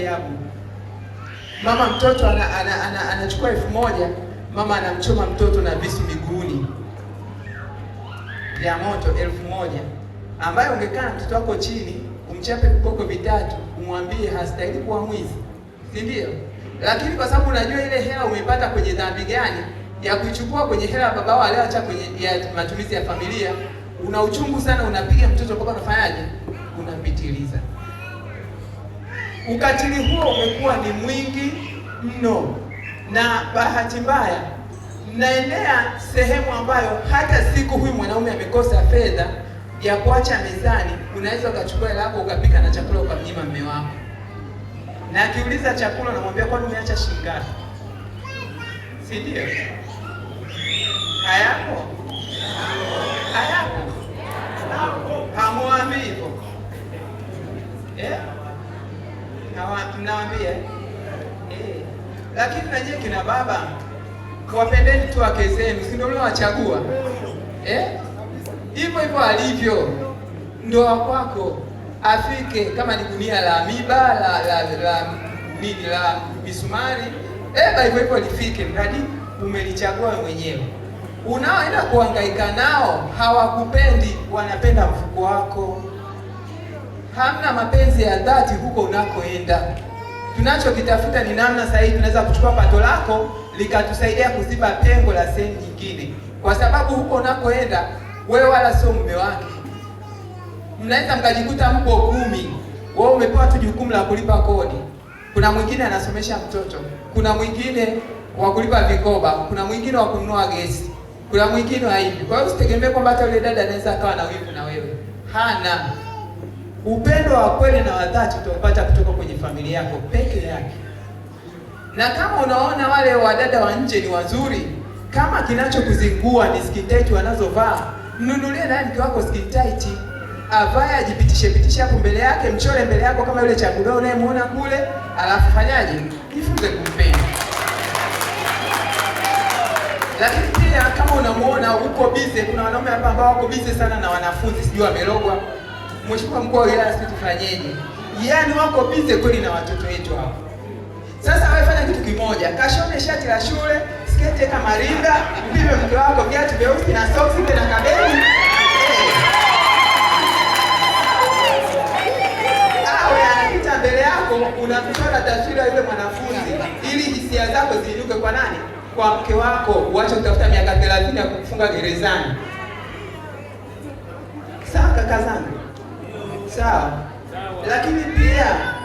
ajabu. Mama mtoto anachukua ana, ana, ana elfu moja mama anamchoma mtoto na visu miguuni ya moto elfu moja ambayo ungekaa mtoto wako chini umchape viboko vitatu umwambie hastahili kuwa mwizi, si ndio? Lakini kwa sababu unajua ile hela umeipata kwenye dhambi gani ya kuichukua kwenye hela ya babao aliyoacha kwenye ya matumizi ya familia, una uchungu sana, unapiga mtoto kwa, unafanyaje, unapitiliza. Ukatili huo umekuwa ni mwingi mno, na bahati mbaya mnaendea sehemu ambayo hata siku huyu mwanaume amekosa fedha ya kuacha mezani, unaweza ukachukua hela yako ukapika na chakula ukamnyima mume wako, na akiuliza chakula namwambia, kwani umeacha shilingi ngapi? Si ndio? mnaambia eh, lakini na kina baba wapendeni tu wake zenu, si ndio mnawachagua eh? Hivyo hivyo alivyo ndoa kwako afike kama ni gunia la miba la la la nini la misumari eh, hivyo hivyo lifike, mradi umelichagua mwenyewe. Unaoenda kuhangaika nao hawakupendi, wanapenda mfuko wako. Hamna mapenzi ya dhati huko unakoenda tunachokitafuta ni namna sahihi tunaweza kuchukua pato lako likatusaidia kuziba pengo la sehemu nyingine, kwa sababu huko unakoenda wewe wala sio mume wake. Mnaweza mkajikuta mko kumi, wewe umepewa tu jukumu la kulipa kodi, kuna mwingine anasomesha mtoto, kuna mwingine wa kulipa vikoba, kuna mwingine wa kununua gesi, kuna mwingine wa hivi. Kwa hiyo usitegemee kwamba hata yule dada anaweza akawa na wivu na wewe, hana Upendo wa kweli na wa dhati utaupata kutoka kwenye familia yako peke yake. Na kama unaona wale wadada wa nje ni wazuri, kama kinachokuzingua ni skin tight wanazovaa, mnunulie naye mke wako skin tight, avae ajipitishe pitishe hapo mbele yake, mchore mbele yako kama yule chagulio unayemuona kule, alafu fanyaje? Jifunze kumpenda. Lakini pia kama unamuona uko busy, kuna wanaume hapa ambao wako busy sana na wanafunzi, sijui wamerogwa mheshimiwa mkuu wa wilaya, sisi tufanyeje? Yaani wako bize kweli na watoto wetu hapo. Sasa wewe fanya kitu kimoja, kashone shati la shule, sketi kama marinda, mpibe mke wako viatu vyeusi na soksi tena kabeli. Eh. Ah, mbele yako, unamchora taswira yule mwanafunzi, ili hisia zako ziinuke kwa nani? Kwa mke wako, uache kutafuta miaka 30 ya kufunga gerezani. Sawa kaka zangu sawa, lakini pia